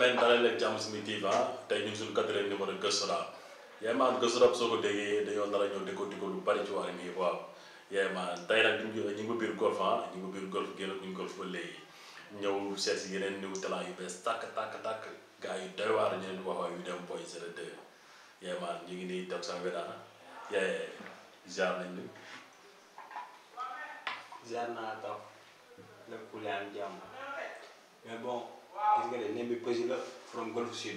semaine dalal leen jàmm suñu TV tey ñu ngi suñu quatrième numéro gëstu maan gëstu soo ko déggee dañoo nar a ñëw décortiquer lu bari ci wàllu nii waaw yaay maan tey nag ñu ngi ko biir golf ah ñu ngi biir golf génn ñu ngi golf ba léegi ñëw seet si yeneen new talent yu bees tak tàkk tàkk gars yi doy waar ñu leen waxoo yu dem boy c'est le deux yaay maan ñu ngi nii dem sama wedaana ah. yaay nañ ñu. jaar naa taw lépp ku leen jàmm mais bon. gis nga ne Nembi Pazi la from Golf Sud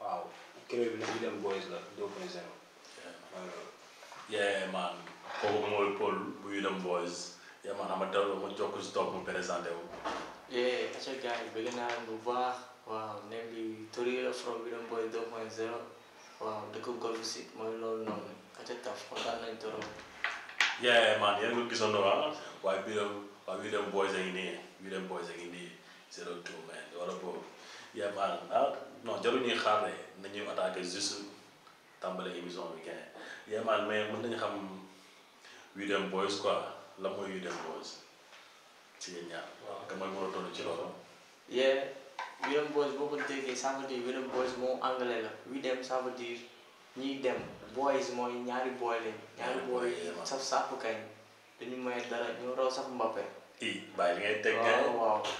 waaw créé bi nag William Boys la 2.0. yeah man kooku mooy Paul bu William Boys yeah man xam nga daw ma jokk si toog mu présenté wu. yeah aca gars yi bëgg naa bu baax waaw Nembi Touré la from William Boys 2.0 waaw dëkk Golf Sud mooy loolu noonu aca taf kontaan nañ trop. yeah man yéen nga gisoon na waaw waaye William waaye William Boys a ngi nii William Boys a ngi nii. zéro tout mais wala boobu yaa ma ah non jarul ñuy xaar ne nañu attaqué juste tàmbale émission bi kenn yaa ma mais mën nañu xam yu boys quoi la mooy yu dem boys ci yéen ñaar. waaw damay mën a toll ci loolu. yee yu boys boo ko déggee ça veut dire yu dem boys moom anglais la yu dem ça dem boys mooy ñaari boy lañ. ñaari boy saf sàpp kañ dañu may dara ñu raw sax Mbappé. i bàyyi li ngay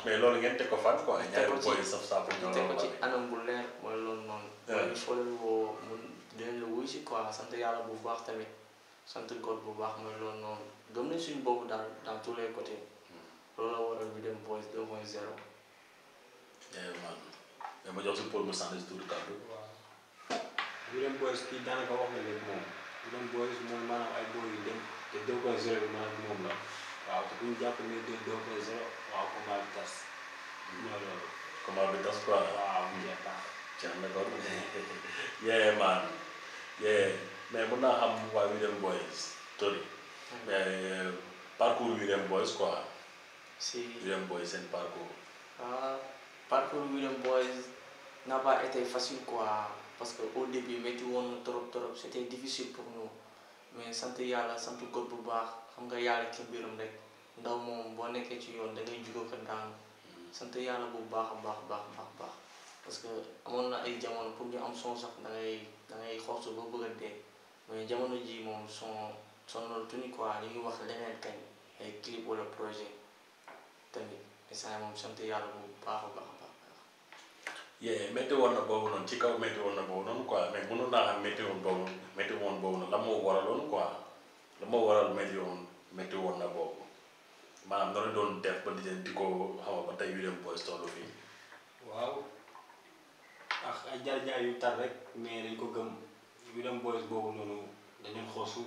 mais loolu ngeen te ko fan quoi. ñaari booy saf saabu ko ci anam bu leer mooy loolu noonu. mooy il faut mun dinañ la wuy si quoi sant yàlla bu baax tamit sant góor bu baax mooy loolu noonu gëm nañ suñu boobu daal dans tous les côtés. loolu la waral ñu dem boys deux point zéro. man eh, ma jox si Paul mu sànni si tuuti kàddu. waaw ñu dem boys kii daanaka wax na léegi moom ñu dem mooy maanaam ay boy yu dem te deux point zéro bi maanaam moom waaw te ku ñu jàpp ne deux deux ba zéro waaw combat bi tas. mooy loolu. combat bi tas quoi. mu na. jeex wa kon yee maan yee mais mun naa Boys Tori. Hmm. mais euh, parcours Wreden Boys quoi. si Wreden Boys seen parcours. ah parcours Wreden Boys n'a pas été facile quoi parce que au début métti woon na trop trop c'était difficile pour nous. mais sant yàlla sant ko bu baax xam nga yàlla ci mbirum rek ndaw moom boo nekkee ci yoon da ngay jugoo ko daanu hmm. sant yàlla bu baax a baax baax baax baax parce que amoon na ay jamono pour ñu am son sax da ngay da ngay xoosu ba bëgg a dee mais jamono ji moom son sonal tuuti quoi li ñuy wax leneen kañ ay clip wala projet tamit instant moom sant yàlla bu baax baax baax. yee météo woon na boobu noonu ci kaw météo woon na boobu noonu quoi mais mënoon woon boobu météo woon boobu noonu la moo waraloon la moo waral météo woon météo woon na boobu maanaam noonu di ko xaw ba fii. waaw yu tar rek mais ko gëm yu dem boys dañu xosu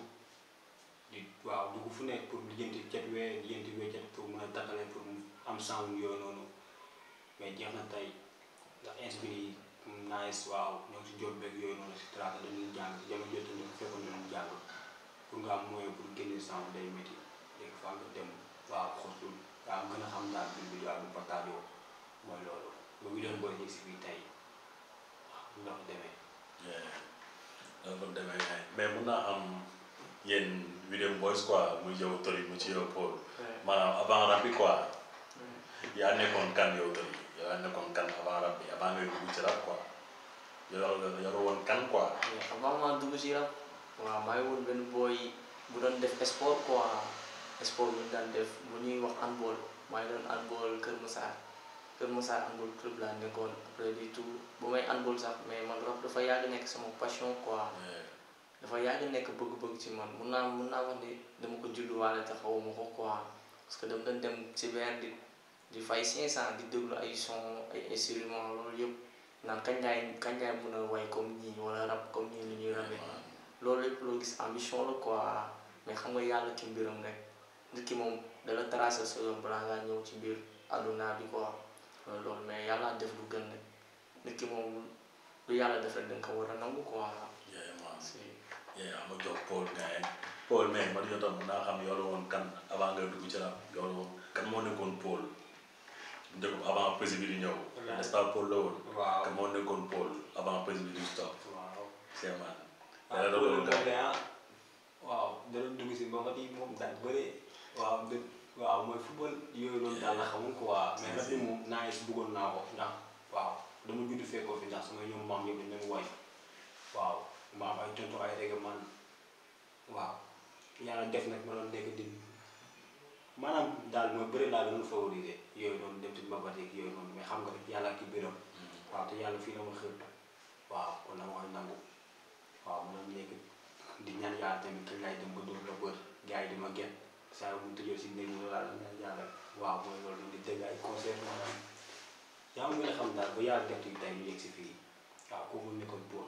di waaw dugg fu nekk pour lijjanti cet wee lijjanti wee cet pour mën a taxalee pour am sànq yooyu noonu mais jeex na tey. ndax instant bii nice waaw ñoo ngi si job beeg yooyu noonu si traité dañuy jàng si jamono jot nañu fekkoon nañu jàng pour nga am moyen pour génne sens day métti léegi faa nga dem waaw xosul waaw gën a xam daal bi bi daal bu partage yoo mooy loolu loolu doon booy ñu si biir tey waaw ndax demee. Eh, dafa demee mais mun naa am yéen Wiliam Boys quoi muy yow Tori mu ci yow Paul maanaam avant rap bi quoi yaa nekkoon kan yow Tori. yaa nekkoon kan avant rab bi avant ngay dugg ci rab quoi benn booy bu doon def sport quoi sport bu ñu daan def bu ñuy wax handball maa ngi doon handball Kër Massar Kër Massar handball club laa nekkoon après du tout bu may handball sax mais man rab dafa yàgg nekk sama passion quoi. dafa yàgg nekk bëgg-bëgg ci man mun naa mun naa wax ne dama ko judduwaale te ko quoi parce que dama doon dem ci benn di fay 500 di déglu ay son ay instruments loolu yëpp naan kañ laay kañ laay mën a way comme ñii wala rap comme ñii li ñuy rabee loolu lépp loo gis ambition la quoi mais xam nga yàlla ci mbiram rek nit ki moom dala tracé sa balaa ngaa ñëw ci biir àdduna bi quoi loolu mais yàlla def lu gën rek nit moom lu yàlla def rek da ko war a nangu ko yéen ama jox Paul Ngaye Paul mais man jotoon naa xam yow woon kan avant nga dugg ci rap njëkk avant prési bi di ñëw. n'est-ce pas Paul la woon. waaw que moo nekkoon Paul avant prési bi stop. waaw c'est man. Ah, ah. waaw da doon dugg si mbokk yi moom daal bëre. waaw dë waaw mooy football yooyu loolu daal la xamul quoi. mais rafet moom naa yëg bëggoon naa ko ndax waaw dama judd fekkoo fi ndax sama ñoom maam yëpp dañ leen woy waaw ma am ay tontu ay règlement waaw yàlla def nag ma doon nekk di. maanaam daal mooy bëri laa doon favoriser yooyu noonu dem ci mbabat yeeg yooyu noonu mais xam nga rek yàlla ki biram hmm. waaw te yàlla fii na ma xëy waaw kon nag mooy nangu waaw man nekk yàlla laay dem ba dóor la bër gars di ma waaw mooy loolu di dégg ay conseils maanaam yaa ngi xam daal ba yàlla def ci tey ñu si fii waaw kooku nekkoon buur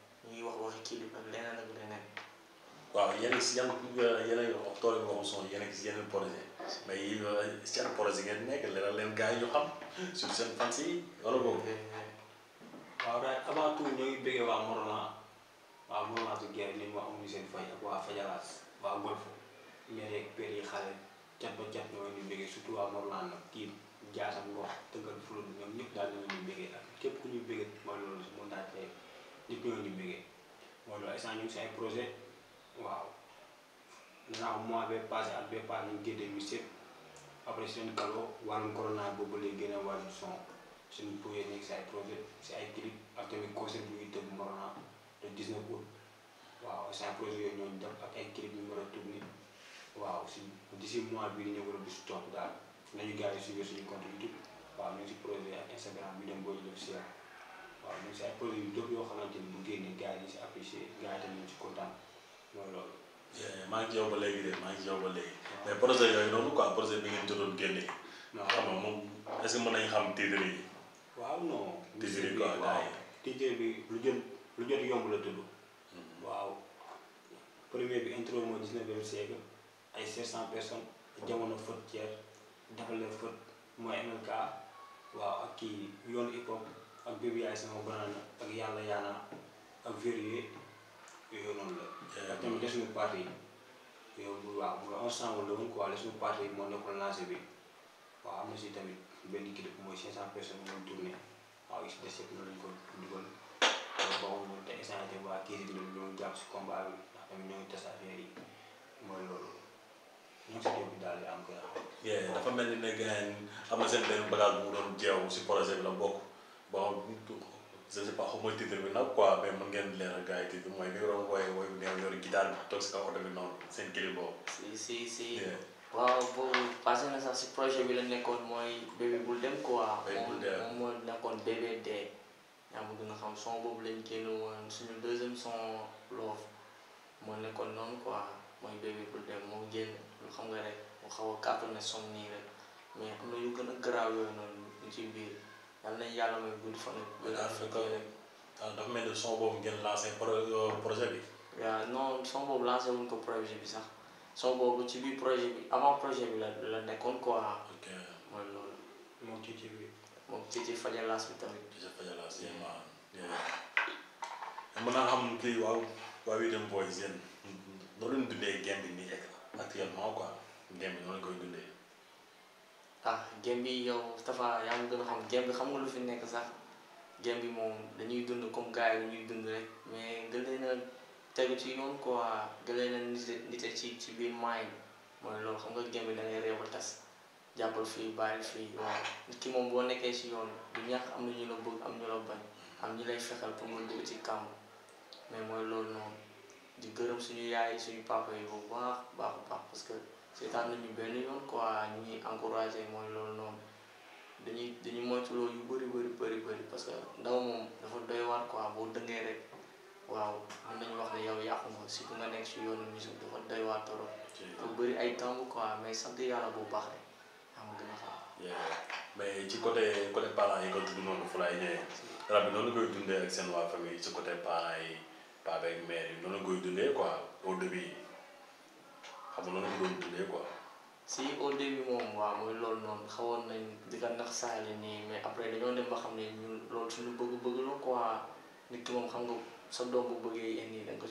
ñuy wax waxi kilifa leneen ak leneen. waaw yéen si yan euh, yéen a ngi wax tool yi nga xam yéen a ngi si yeneen projet mais yéen euh, seen projet ngeen nekk leneen leen gars yi ñu xam sur seen fans yi wala boobu. waaw daal avant tout ñoo ngi bëggee waa Morona waa Morona su Guèye li mu wax amuñu seen fay ak waa Fajaraas waa Morona nag kii jaasam ngox tëggal fulu ñoom ñëpp daal ñoo ñu bëggee ak képp ku ñu bëggee mooy loolu su mun naa tey. di ñoo ñu bëggee mooy loolu instant ñu si ay projet waaw naa mois bee passé at bee passé ñu génnee musique après seen kaloo wàllum corona boobu ba léegi gën a wàllu son suñu projet nekk si ay projet si ay clip ak tamit concert bu ñuy tëb Morona le 19 août waaw si ay projet yooyu ñooñu def ak ay clip yu ñu war a waaw si d'ici mois bii di ñëw wala daal nañu gars yi suivre suñu compte YouTube waaw ñu si projet Instagram bi dem boo ñu def si waaw mu ngi si ay projet yu dox yoo xamante ni bu génnee gars yi ñu si apprécier gars yi tamit ñu si kontaan mooy loolu. Eh, maa ngi ci yow ba léegi de maa ngi ci yow ba léegi. mais projet yooyu noonu quoi projet bi ngeen jotoon génne. waaw xam nga moom est-ce que mën nañu xam titre yi. waaw non. titre yi quoi gars yi titre bi lu jot lu jot yomb la tudd. Mhm. waaw premier bi intro mooy dix-neuvième siècle ay 500 personnes jamono fët Thier dafa la fët mooy MLK waaw ak kii yoonu hip hop. ak Baby Ice sama banana ak yàlla yaana ak verrier yooyu noonu la. ak tamit des suñu parti yow bu baax mu la ensemble mooy 500 moom si combat bi ndax tamit ñoo ngi tas affaire dafa mel ni ne gars yi am na seen benn bu mu doon jeew si projet bi la bokk bon je ne sais bi nag quoi mais mën ngeen leeral gars yi titre mooy li waroon wooye wooy bu si si si si waaw boobu passé na si projet bi la nekkoon mooy bébé bul dem quoi moom moo nekkoon bébé de yaa ma gën a xam son boobu lañ génn woon suñu deuxième son loofu moo nekkoon noonu quoi mooy bébé bul dem moo génn lu xam nga rek mu xaw a ne son nii rek mais am na yu gën a garaaw yooyu noonu ci biir yàlla nañ yàlla may gudd fan. gën a fekk dafa mel ni son boobu ngeen lancé euh, projet bi. waaw non son boobu lancé wuñ ko projet bi sax son boobu ci biir projet bi avant projet bi la la nekkoon quoi. ok mooy loolu. moom ci ci bi. moom ci ci fajalaas bi tamit. ci ci fajalaas yi ma mën naa xam kii waaw waaw yi dem booy seen. noo leen dundee game bi nii actuellement quoi game bi noonu la koy dundee. ah gém bi yow Tafa yaa ma gën a xam gém bi xam nga lu fi nekk sax gém bi moom dañuy dund comme gars yi ñuy dund rek mais nga leen tegu ci yoon quoi nga leen a nite ci ci biir maay mooy lool xam nga gém bi da tas jàppal fii bàyyi fii waaw ki moom boo yoon du am na ñu bëgg am ñu la am ñu lay fexal pour nga dugg ci kàmb mais mooy loolu noonu di gërëm suñu yaay suñu papa yi baax baax baax parce que. seetaan nañu benn yoon quoi ñi ngi encouragé mooy loolu noonu dañuy dañuy moytu loolu yu bëri bëri bëri bëri parce que ndaw moom dafa doy waar quoi boo dëngee rek waaw mën nañu wax ne yow yàqu nga surtout nekk si yoonu musique dafa doy waar bëri ay tàng quoi mais sant bu baax rek a ci côté côté parents yi nga noonu koy dundee ak seen waa famille ci si au début moom waaw mooy loolu noonu xawoon nañ di ko nax saali nii mais après dañoo dem ba xam ne ñu loolu suñu bëgg-bëgg la quoi nit ki moom xam nga sa doom bu bëggee indi da nga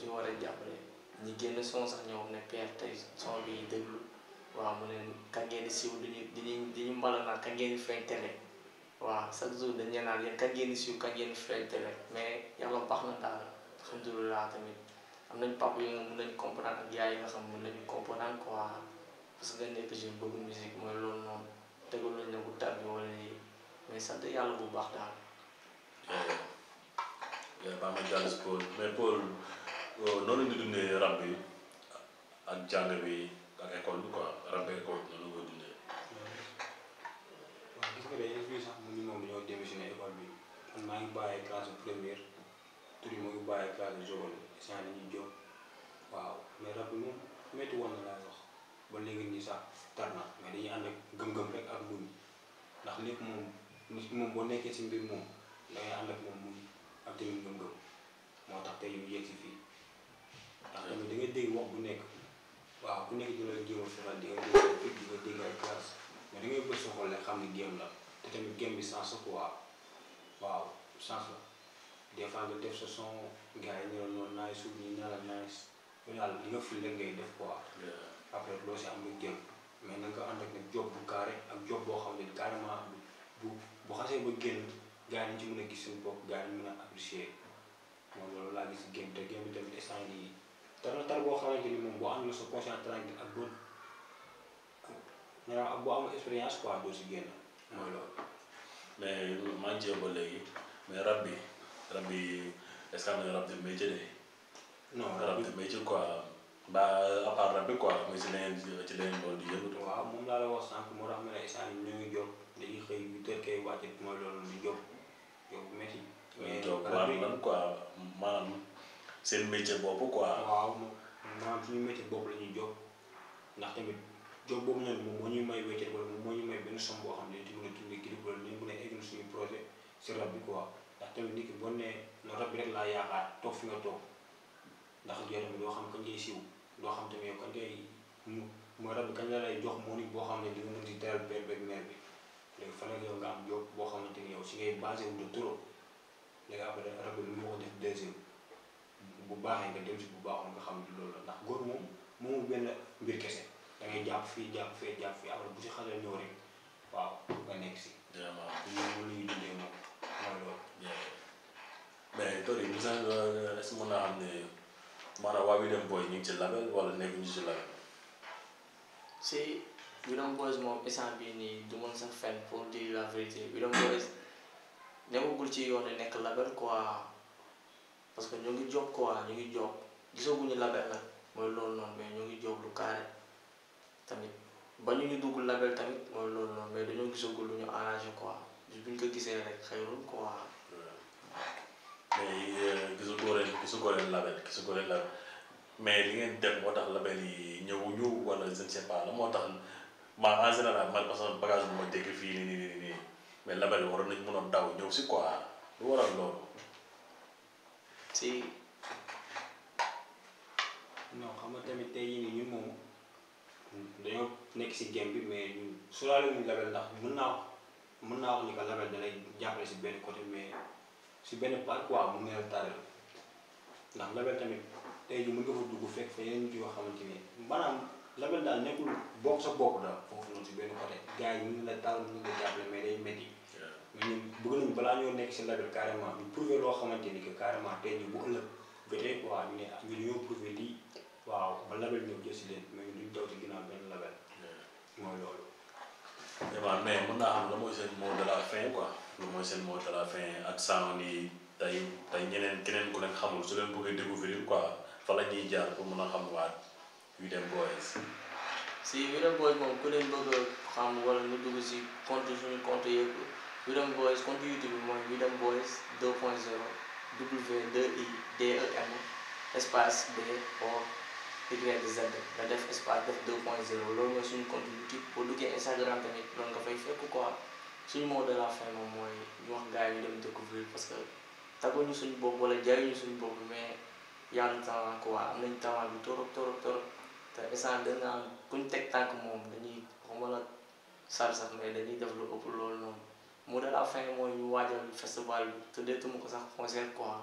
ñi génn son sax ñëw ne père tey son bi déglu waaw mu ne ka ngeen di siiw diñu diñu mbala naa ka ngeen di feeñ télé waaw chaque jour dañ leen naan yéen ka ngeen di siiw mais yàlla baax na daal alhamdulilah tamit am nañ papa yi mun nañ comprendre ak yaay yi nga xam mun nañu comprendre quoi parce que nga nekk jeune bëgg musique mooy loolu noonu tegal nañ la ku tàbbi wala yi mais sant yàlla bu baax daal. yow baax na jàll si Paul mais Paul noonu la ñu dundee rab bi ak jàng bi ak école bi quoi rab bi école noonu la koy dundee. waaw gis nga de yéen sax mu ni moom ñoo démissionné école bi man maa ngi bàyyi classe première tur yi moo ngi bàyyi classe seconde échange waaw mais rab bi moom métti woon na ba léegi nii sa tar na mais dañuy ànd ak gëm-gëm rek ak muñ ndax nit moom nit moom boo nekkee si mbir moom da ngay moom mu ak tamit gëm-gëm moo tax tey ñu yegg si ndax tamit dégg wax bu nekk waaw ku nekk ñu la jéem a faral nga xam ne game te tamit bi sens quoi waaw sens la des def sa son gars yi ñu ne la noonu nice suuf ñu ne la nice yow daal li nga ful rek ngay def quoi. après loo si am nga jël mais na nga ko ak nag job bu carré ak job boo xam ne carrément bu bu xasee ba génn gars yi ci mën a gis suñu bopp gars a apprécier moom loolu laa gis génn te génn bi tamit instant yii tar na boo xamante ni moom boo àndul sa conscience tranquille ak bon ñaar ak boo amul expérience quoi doo si génn mooy loolu. mais maa ngi ba léegi mais rab bi rab bi est-ce que am na rab de métier de. non rab de ba à part rab bi quoi nga si leneen ci leneen loolu di yëngatu. waaw moom laa la wax sànq moo tax ma ne isaan ñu ngi jóg dañuy xëy bu tërkee wàcce mooy loolu di jóg jóg bu métti. waaw la ñuy jóg ndax tamit jóg boobu noonu moom moo ñuy may wéccet wala moom moo ñuy may benn somme boo xam ne dañu mën a dundee kii wala dañu mën a egg suñu projet si rab bi quoi ndax tamit nit ki boo nee rab bi rek laa yaakaar toog fi nga toog ndax yow tamit doo xam kañ lay siiw loo xam te ne kon tey mu mooy rab kañ la lay jox mënuñ boo xam ne dina mën di teral père beeg mère bi léegi fan yow nga am job boo xamante ni yow si ngay basé de trop léegi après rab bu baaxee nga xam ne loolu la ndax góor moom moomu mbir kese da ngay fii jàpp fee jàpp bu si xale ñëw rek waaw nga nekk si. vraiment ñun ñu moom mooy loolu. naa ne. maanaam waa William Boy ñu ngi ci label wala nekk ñu ci label. si William Boy moom instant bii nii du mën sax fen pour dire la vérité William Boy nekkagul ci yoon nekk label quoi parce que ñu ngi job quoi ñu ngi job gisaguñu label la mooy loolu noonu mais ñu ngi job lu carré tamit ba ñu ñu dugg label tamit mooy loolu noonu mais dañoo gisagul lu ñu arrangé quoi buñ ko gisee rek xëyul quoi. gisaguleen gisaguleen label euh, gisaguleen label mais li ngeen dem moo tax label yi ñëwuñu wala je ne sais pas la moo tax ma en général man parce que bagage bu ma dégg fii nii nii nii mais label yi waroon nañ mënoon daw ñëw si quoi lu waral loolu. si non xam nga tamit tey jii nii ñun moom dañoo nekk si game bi mais ñun sóoraale wuñu label ndax mën naa mën naa wax ni que label da lay jàppale si benn côté mais. si benn parc waaw mun ngeen tàllal ndax label tamit tey jii mën nga fa dugg fekk fa yeneen nit yoo xamante ni maanaam label daal nekkul bokk sa bopp daal foofu noonu si benn côté gars yi ñu la taal ñu la jàppale mais day métti. mais balaa ñoo nekk si label carrément ñu loo xamante ni que carrément tey jii bu ëllëg jotee waaw ñu ne ah ñu dañoo prouvé lii waaw ba label ñëw ñu naa xam la mooy seen moom fin quoi loolu mooy seen mot de la fin ak sound yi tey tey ñeneen keneen ku leen xamul su leen bëggee découvrir quoi fa la ñuy jaar pour mën a xam waat yu dem boys si Wida Boys moom ku leen bëgg a xam wala ñu dugg si compte suñu compte yëpp Wida Boys compte YouTube bi mooy Wida Boys 2 point 0 W 2 I e B O Y Z nga def espace def 2 point 0 loolu mooy suñu compte YouTube boo duggee Instagram tamit loolu nga fay fekk quoi. suñu mot de la fin moom mooy ñu wax gars yi ñu dem découvrir parce que ñu suñu bopp wala jaayuñu suñu bopp mais yàlla talent quoi am nañ talent bi te instant gën naa kuñ teg moom dañuy xawma la sar sax mais dañuy def lu ëpp loolu noonu mot de la fin mooy ñu waajal festival bi tuddeetuma ko sax concert quoi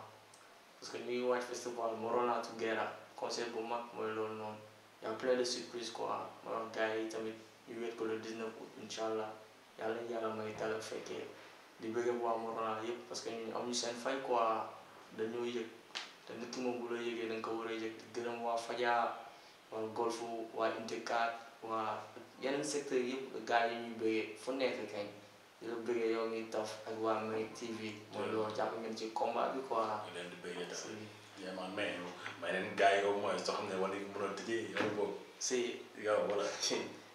parce que ñu ngi waaj festival Morona to Guera concert bu mag mooy loolu noonu y a plein de surprises quoi ma wax gars yi tamit ñu wéet ko le 19 août incha allah. yàlla may tala feke di bëgg bu waa Morolan yëpp parce que ñun amuñu seen fay quoi dan yëg te nit ki moom bu la yëgee da nga ko war yëg di gërëm waa Faja wa golfu wa Intecat wa yeneen secteur yëpp gars yi ñuy bëggee fu nekk kañ di la bëggee yow ngi taf ak wa May TV mo lo jàpp ngeen ci combat bi quoi. ñu leen di bëggee daal vraiment mais may leen gars yi yow mooy soo xam ne wala yi ya, mënoon tëjee yow boobu. si wala.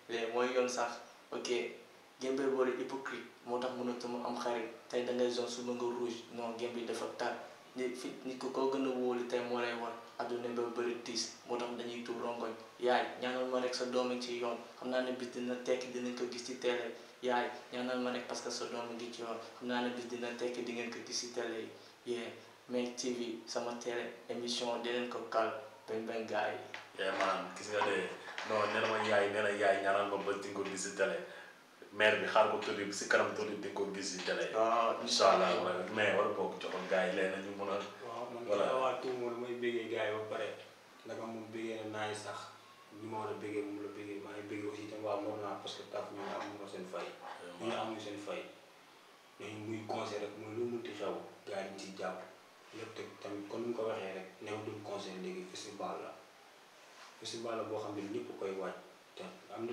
Ya, gémbe boole hypocrite moo tax mënatuma am xarit tey dangay zone su nga rouge non gémbe dafa tar ni fi nit ko koo gën a wóolu tey moo lay war adduna ba bëri tiis moo tax dañuy tuur rongoñ yaay ñaanal ma rek sa doom ci yoon xam naa ne bis dina tekki dinañ ko gis ci télé yaay ñaanal ma rek parce que sa doom ngi ci yoon xam naa ne bis dina tekki di ngeen ko gis ci télé yi yee mais TV sama télé émission dinañ ko kal bañ bañ gars yi. yaay maanaam gis nga de non ba maire bi xaar ko tuuti si kanam tuuti di nga ko gis si télé. waaw ah, incha allah mais war bokk joxoon gars yi leen ñu mën a. voilà waaw man waa Touba moom mooy bëggee gars ba pare naka moom bëggee na naay sax ñu ma war a bëggee moom la bëggee maa ngi bëggee aussi tam waa moom naa parce que taaf ñu am seen fay. ñu ñu am ñu seen fay. muy conseil rek mooy lu munti xew gars yi ñu ciy jàpp lépp tamit kon ni nga ko waxee rek nekkul conseil léegi festival la festival la boo xam ne ñëpp koy waaj te am na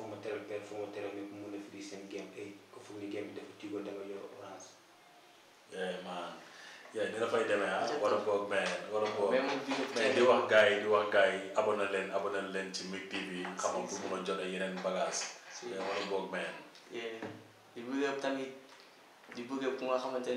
formateur vert formateur mais bu mun a firi seen game eh, ay ko foog ni game bi dafa tigo danga yor orange yaay maan yaay dina fay demee ah. war a boog mais war a boog mais di wax gars yi di wax gars yi abonné leen abonné leen ci Mik TV bi xamam pour mun a jot ay yeneen bagage mais war a boog mais di bëgg tamit di bëgg ku nga xamante